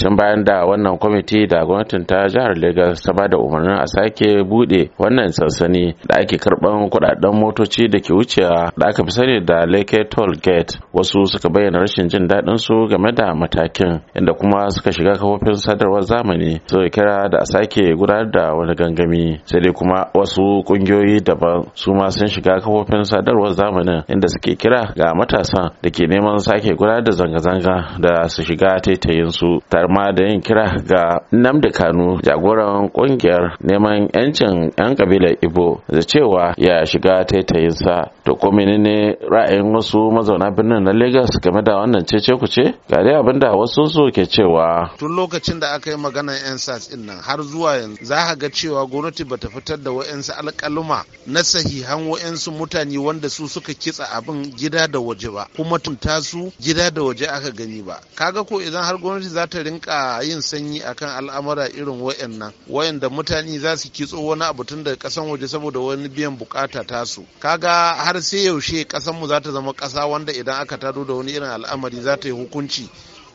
sun bayan da wannan kwamiti da gwamnatin ta jihar Legas ta ba da umarnin a sake bude wannan sansani da ake karban kudaden motoci da ke wucewa da aka fi sani da Lake Toll Gate wasu suka bayyana rashin jin daɗin su game da matakin inda kuma suka shiga kafofin sadarwar zamani suka kira da a sake gudanar da wani gangami sai dai kuma wasu kungiyoyi daban su ma sun shiga kafofin sadarwar zamanin inda suke kira ga matasan da ke neman sake gudanar da zanga-zanga da su shiga taitayin su har ma da yin kira ga namdi Kanu jagoran kungiyar neman yancin yan kabilar Ibo da cewa ya shiga taitayinsa to ko menene ra'ayin wasu mazauna birnin na Lagos game da wannan cece kuce ga dai abin da wasu su ke cewa tun lokacin da aka yi magana yan sas din nan har zuwa yanzu za ka ga cewa gwamnati bata fitar da wa'yansu alƙaluma na sahihan wa'yansu mutane wanda su suka kitsa abin gida da waje ba kuma tun tasu gida da waje aka gani ba kaga ko idan har gwamnati za ta rinka yin sanyi akan al'amura irin wayannan wayanda mutane za su kitso wani abu tun daga kasan waje saboda wani biyan bukata tasu kaga har sai yaushe kasan mu za ta zama kasa wanda idan aka tado da wani irin al'amari za ta yi hukunci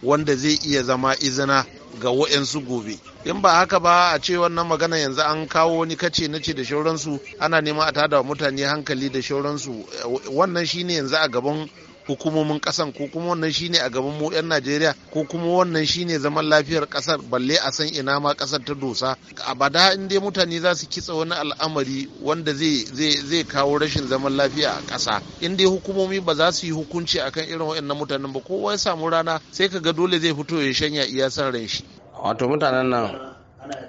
wanda zai iya zama izina ga wayansu gobe in ba haka ba a ce wannan magana yanzu an kawo wani kace na ce da shauransu ana neman a tada mutane hankali da shauransu wannan shine yanzu a gaban hukumomin kasan ko kuma wannan shine a gaban mu 'yan najeriya ko kuma wannan shine zaman lafiyar kasar balle a san ina ma kasar ta dosa abada in dai mutane za su kitsa wani al'amari wanda zai kawo rashin zaman lafiya a kasa in dai hukumomi ba za su yi hukunci akan irin waɗannan mutanen ba kowa ya samu rana sai ka ga dole zai fito ya shanya iya san ran shi wato mutanen nan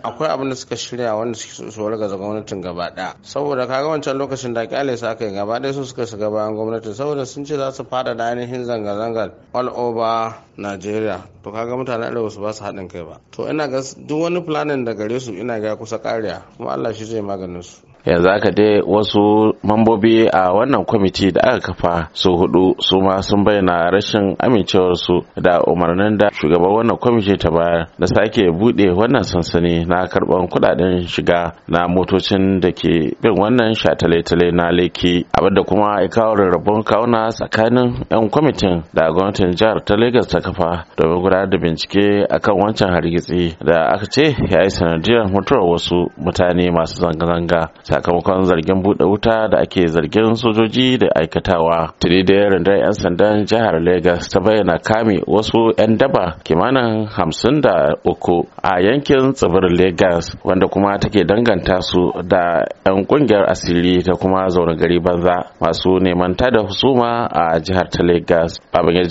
akwai abin da suka shirya wanda suke so ga gwamnatin gaba ɗaya saboda kaga wancan lokacin da kyale sa aka yi gaba ɗaya su suka shiga bayan gwamnatin saboda sun ce za su fada da ainihin zanga-zangar all over Nigeria, to kaga mutanen da su ba su haɗin kai ba to ina ga duk wani planning da gare su ina ga kusa kariya kuma Allah shi zai maganin su yanzu aka dai wasu mambobi a wannan kwamiti da aka kafa su hudu su ma sun bayyana rashin amincewarsu da umarnin da shugaban wannan kwamiti ta bayar da sake bude wannan sansani na karban kudaden shiga na motocin da ke bin wannan shatale-tale na leki abinda kuma ya kawo rarrabon kawuna tsakanin 'yan kwamitin da gwamnatin jihar ta Legas ta kafa domin gudanar da bincike akan wancan hargitsi da aka ce ya yi sanadiyar mutuwar wasu mutane masu zanga-zanga sakamakon zargin buɗe wuta da ake zargin sojoji da aikatawa tuni da 'yan sandan jihar Legas ta bayyana kame wasu 'yan daba kimanin hamsin da uku a yankin tsibirin Legas, wanda kuma take danganta su da 'yan kungiyar asiri ta kuma zaune gari banza masu neman da husuma a jihar ta Legas. Babangir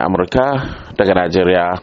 Amurka daga Najeriya.